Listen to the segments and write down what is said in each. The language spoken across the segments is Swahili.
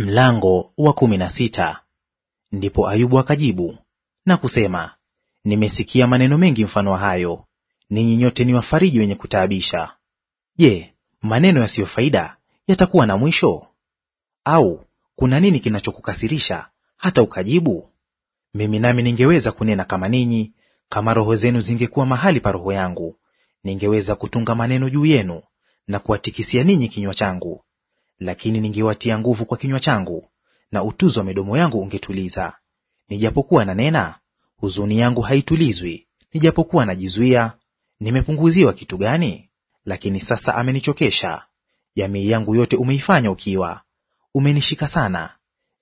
Mlango wa kumi na sita. Ndipo Ayubu akajibu na kusema, nimesikia maneno mengi mfano wa hayo, ninyi nyote ni wafariji wenye kutaabisha. Je, maneno yasiyo faida yatakuwa na mwisho? Au kuna nini kinachokukasirisha hata ukajibu? Mimi nami ningeweza kunena kama ninyi, kama roho zenu zingekuwa mahali pa roho yangu, ningeweza kutunga maneno juu yenu na kuwatikisia ninyi kinywa changu lakini ningewatia nguvu kwa kinywa changu, na utuzo wa midomo yangu ungetuliza. Nijapokuwa nanena, huzuni yangu haitulizwi; nijapokuwa najizuia, nimepunguziwa kitu gani? Lakini sasa amenichokesha; jamii yangu yote umeifanya ukiwa. Umenishika sana,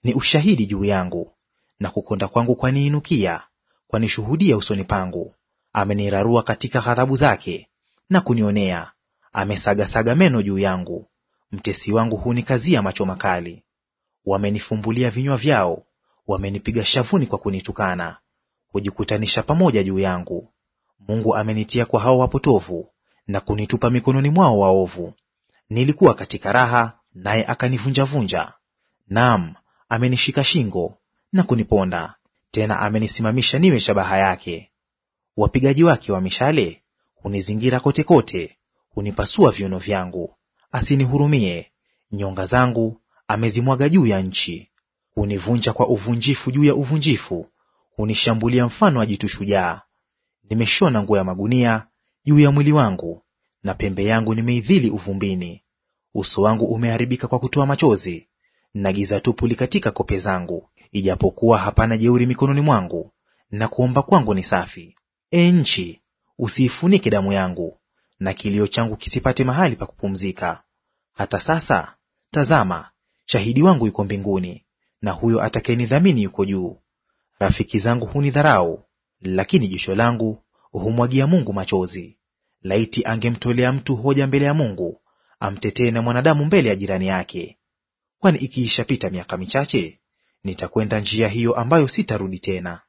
ni ushahidi juu yangu, na kukonda kwangu kwaniinukia, kwanishuhudia usoni pangu. Amenirarua katika ghadhabu zake na kunionea; amesagasaga meno juu yangu. Mtesi wangu hunikazia macho makali. Wamenifumbulia vinywa vyao, wamenipiga shavuni kwa kunitukana, hujikutanisha pamoja juu yangu. Mungu amenitia kwa hao wapotovu na kunitupa mikononi mwao waovu. Nilikuwa katika raha, naye akanivunjavunja; naam, amenishika shingo na kuniponda. Tena amenisimamisha niwe shabaha yake. Wapigaji wake wa mishale hunizingira kotekote, hunipasua viuno vyangu asinihurumie; nyonga zangu amezimwaga juu ya nchi. Hunivunja kwa uvunjifu juu ya uvunjifu, hunishambulia mfano wa jitu shujaa. Nimeshona nguo ya magunia juu ya mwili wangu, na pembe yangu nimeidhili uvumbini. Uso wangu umeharibika kwa kutoa machozi, na giza tupu likatika kope zangu. Ijapokuwa hapana jeuri mikononi mwangu, na kuomba kwangu ni safi. E nchi, usiifunike damu yangu, na kilio changu kisipate mahali pa kupumzika. Hata sasa, tazama, shahidi wangu yuko mbinguni, na huyo atakayenidhamini yuko juu. Rafiki zangu hunidharau, lakini jisho langu humwagia Mungu machozi. Laiti angemtolea mtu hoja mbele ya Mungu, amtetee na mwanadamu mbele ya jirani yake. Kwani ikiishapita miaka michache, nitakwenda njia hiyo ambayo sitarudi tena.